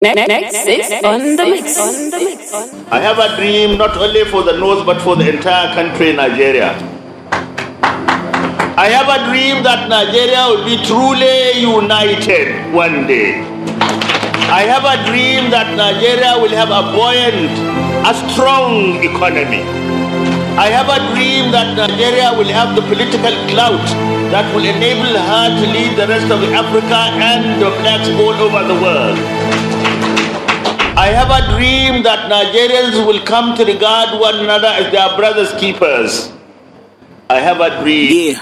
Next, next, next, on the mix. On the mix. I have a dream not only for the north but for the entire country, Nigeria. I have a dream that Nigeria will be truly united one day. I have a dream that Nigeria will have a buoyant, a strong economy. I have a dream that Nigeria will have the political clout that will enable her to lead the rest of Africa and the blacks all over the world. I have a dream that Nigerians will come to regard one another as their brothers' keepers. I have a dream.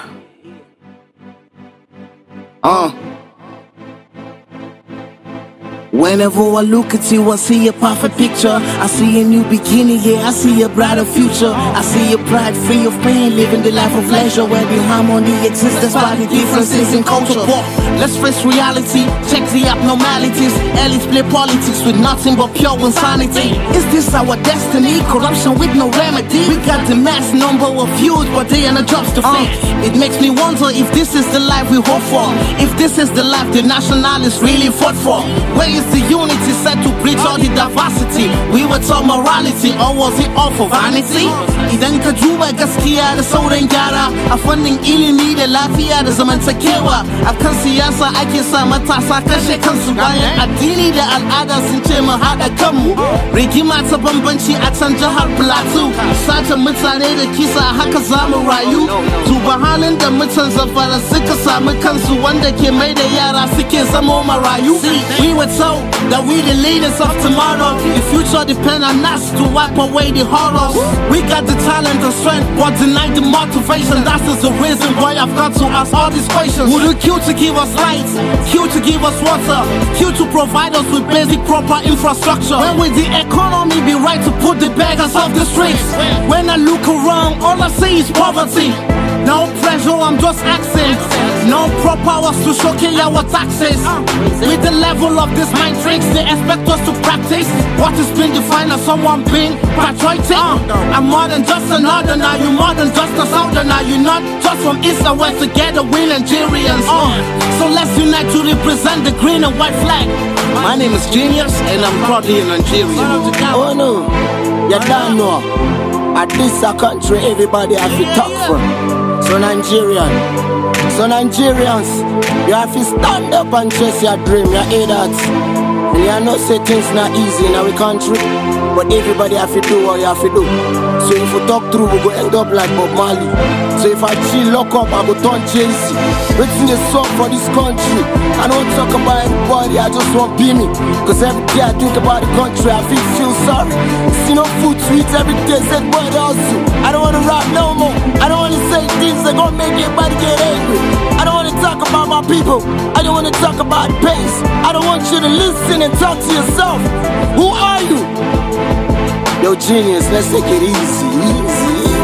Yeah. Uh. Whenever I look at you, I see a perfect picture. I see a new beginning, yeah, I see a brighter future. I see a pride free of pain, living the life of leisure where the harmony exists despite the differences in culture. Let's face reality, check the abnormalities. Elites play politics with nothing but pure insanity. Is this our destiny? Corruption with no remedy. We got the mass number of views, but they ain't a jobs to feed. It makes me wonder if this is the life we hope for. If this is the life the nationalists really fought for. Where is that's the unity set to preach all the diversity. We were taught morality, or was it all for vanity? Idan ka duba gaskiya da sauran gyara a fannin ilimi da lafiya da zamantakewa a kan siyasa ake sa matasa kashe kansu bayan addini da al'ada sun ce mu haɗa kanmu rigima ta bambanci a can jihar plateau sace mutane da kisa haka za mu rayu duba halin da mutan zafara suka samu kansu wanda ke mai da yara suke zamo marayu we were told know that we the leaders of tomorrow. The future depends on us to wipe away the horrors. We got the talent and strength, but deny the motivation. That's just the reason why I've got to ask all these questions. Would you queue to give us lights? Queue to give us water? Queue to provide us with basic proper infrastructure? When will the economy be right to put the beggars off the streets? When I look around, all I see is poverty. No pressure, I'm just asking. No proper powers to showcase our taxes. With the level of this man Nine drinks, they expect us to practice What has been defined as someone being patriotic uh, I'm more than just an northerner You more than just a southerner You are not just from east and west Together we Nigerians uh, So let's unite to represent the green and white flag My name is Genius and I'm proudly a Nigerian Oh no, you don't know At this a country everybody has to talk from so Nigerian, so Nigerians, you have to stand up and chase your dream, You hear that? And you know say things not easy in our country, but everybody have to do what you have to do. So if we talk through, we go end up like Bob Marley. So if I chill, lock up, I go turn Jay-Z. Waiting a song for this country. I don't talk about anybody, I just want be me. Cause every day I think about the country, I feel, feel sorry. See no food to eat every day, said boy I don't wanna rap no more. I don't wanna gonna make get angry. I don't wanna talk about my people. I don't wanna talk about pace. I don't want you to listen and talk to yourself. Who are you? Yo, genius, let's take it easy, easy.